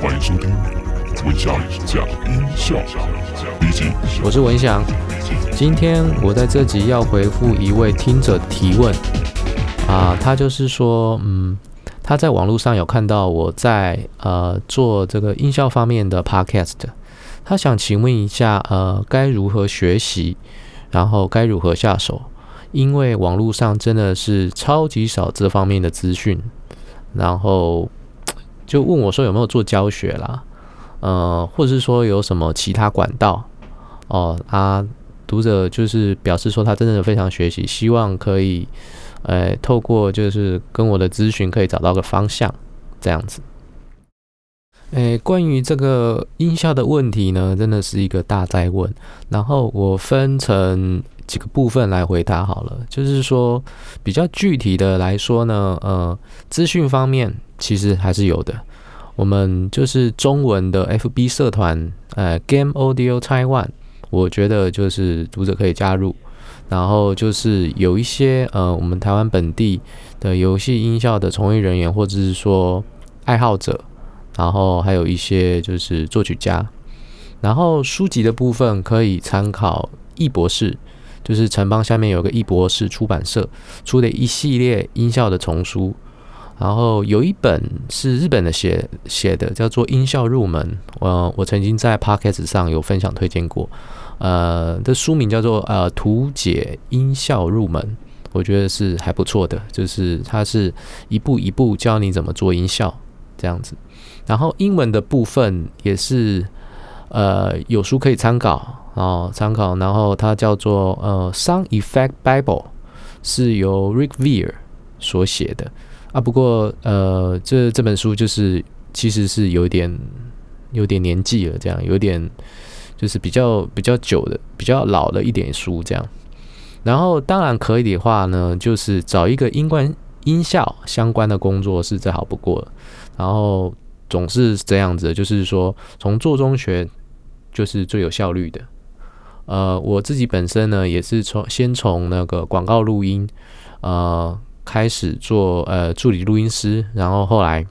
歡迎收聽文祥講音效。我是文祥，今天我在這集要回復一位聽者提問。啊、呃，他就是說，嗯，他在網絡上有看到我在呃做這個音效方面的 podcast，他想請問一下，呃，該如何學習，然後該如何下手？因為網絡上真的是超級少這方面的資訊，然後。就問我說有沒有做教學啦，呃，或者是說有什麼其他管道哦？他、啊、讀者就是表示說他真的非常學習，希望可以，呃、欸，透過就是跟我的諮詢可以找到個方向，這樣子。誒、欸，關於這個音效的問題呢，真的是一個大哉問。然後我分成幾個部分來回答好了，就是說比較具體的來說呢，呃，資訊方面。其實還是有的，我們就是中文的 FB 社團，呃，Game Audio Taiwan，我覺得就是讀者可以加入。然後就是有一些呃，我們臺灣本地的遊戲音效的從業人員或者是說愛好者，然後還有一些就是作曲家。然後書籍的部分可以參考易博士，就是城邦下面有一個易博士出版社出的一系列音效的叢書。然後有一本是日本的寫寫的，叫做《音效入門》，我，我我曾經在 Podcast 上有分享推薦過。呃，這書名叫做《呃圖解音效入門》，我覺得是還不錯的，就是它是一步一步教你怎麼做音效這樣子。然後英文的部分也是，呃，有書可以參考哦，參考。然後它叫做《呃 Sound Effect Bible》，是由 Rick Veer。所寫的啊，不過呃，這這本書就是其實是有點有點年紀了，這樣有點就是比較比較久的，比較老的一點書這樣。然後當然可以的話呢，就是找一個音冠音效相關的工作是最好不過了。然後總是這樣子的，就是說，從做中學就是最有效率的。呃，我自己本身呢也是從先從那個廣告錄音啊。呃開始做呃助理錄音師，然後後來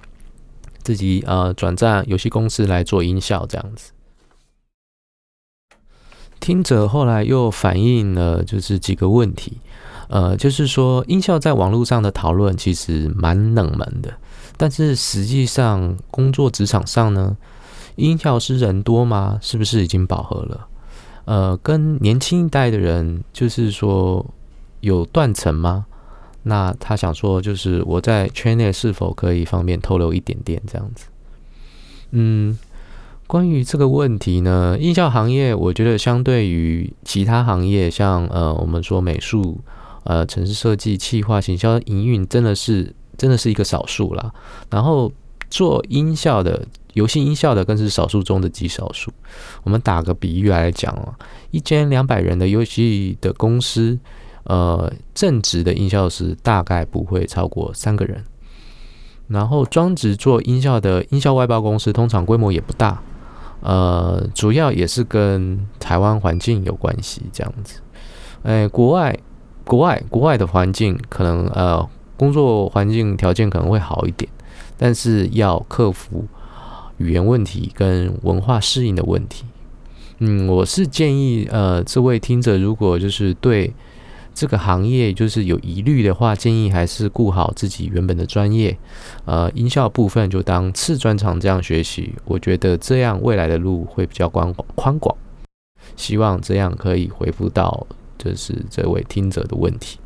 自己呃轉戰遊戲公司來做音效這樣子。聽者後來又反映了就是幾個問題，呃，就是說音效在網絡上的討論其實蠻冷門的，但是實際上工作職場上呢，音效師人多嗎？是不是已經飽和了？呃，跟年輕一代的人，就是說有斷層嗎？那他想說，就是我在圈內是否可以方便透露一點點這樣子？嗯，關於這個問題呢，音效行業，我覺得相對於其他行業，像呃，我們說美術、呃，程式設計、企劃、行銷、營運，真的是真的是一個少數啦。然後做音效的，遊戲音效的更是少數中的極少數。我們打個比喻來講啊，一間兩百人的遊戲的公司。呃，正職的音效師大概不會超過三個人，然後專職做音效的音效外包公司，通常規模也不大。呃，主要也是跟台灣環境有關係這樣子。誒、哎，國外、國外、國外的環境可能呃，工作環境條件可能會好一點，但是要克服語言問題跟文化適應的問題。嗯，我是建議呃，這位聽者如果就是對。這個行業就是有疑慮的話，建議還是顧好自己原本的專業，呃，音效部分就當次專長這樣學習。我覺得這樣未來的路會比較寬廣，寬廣。希望這樣可以回復到，就是這位聽者的問題。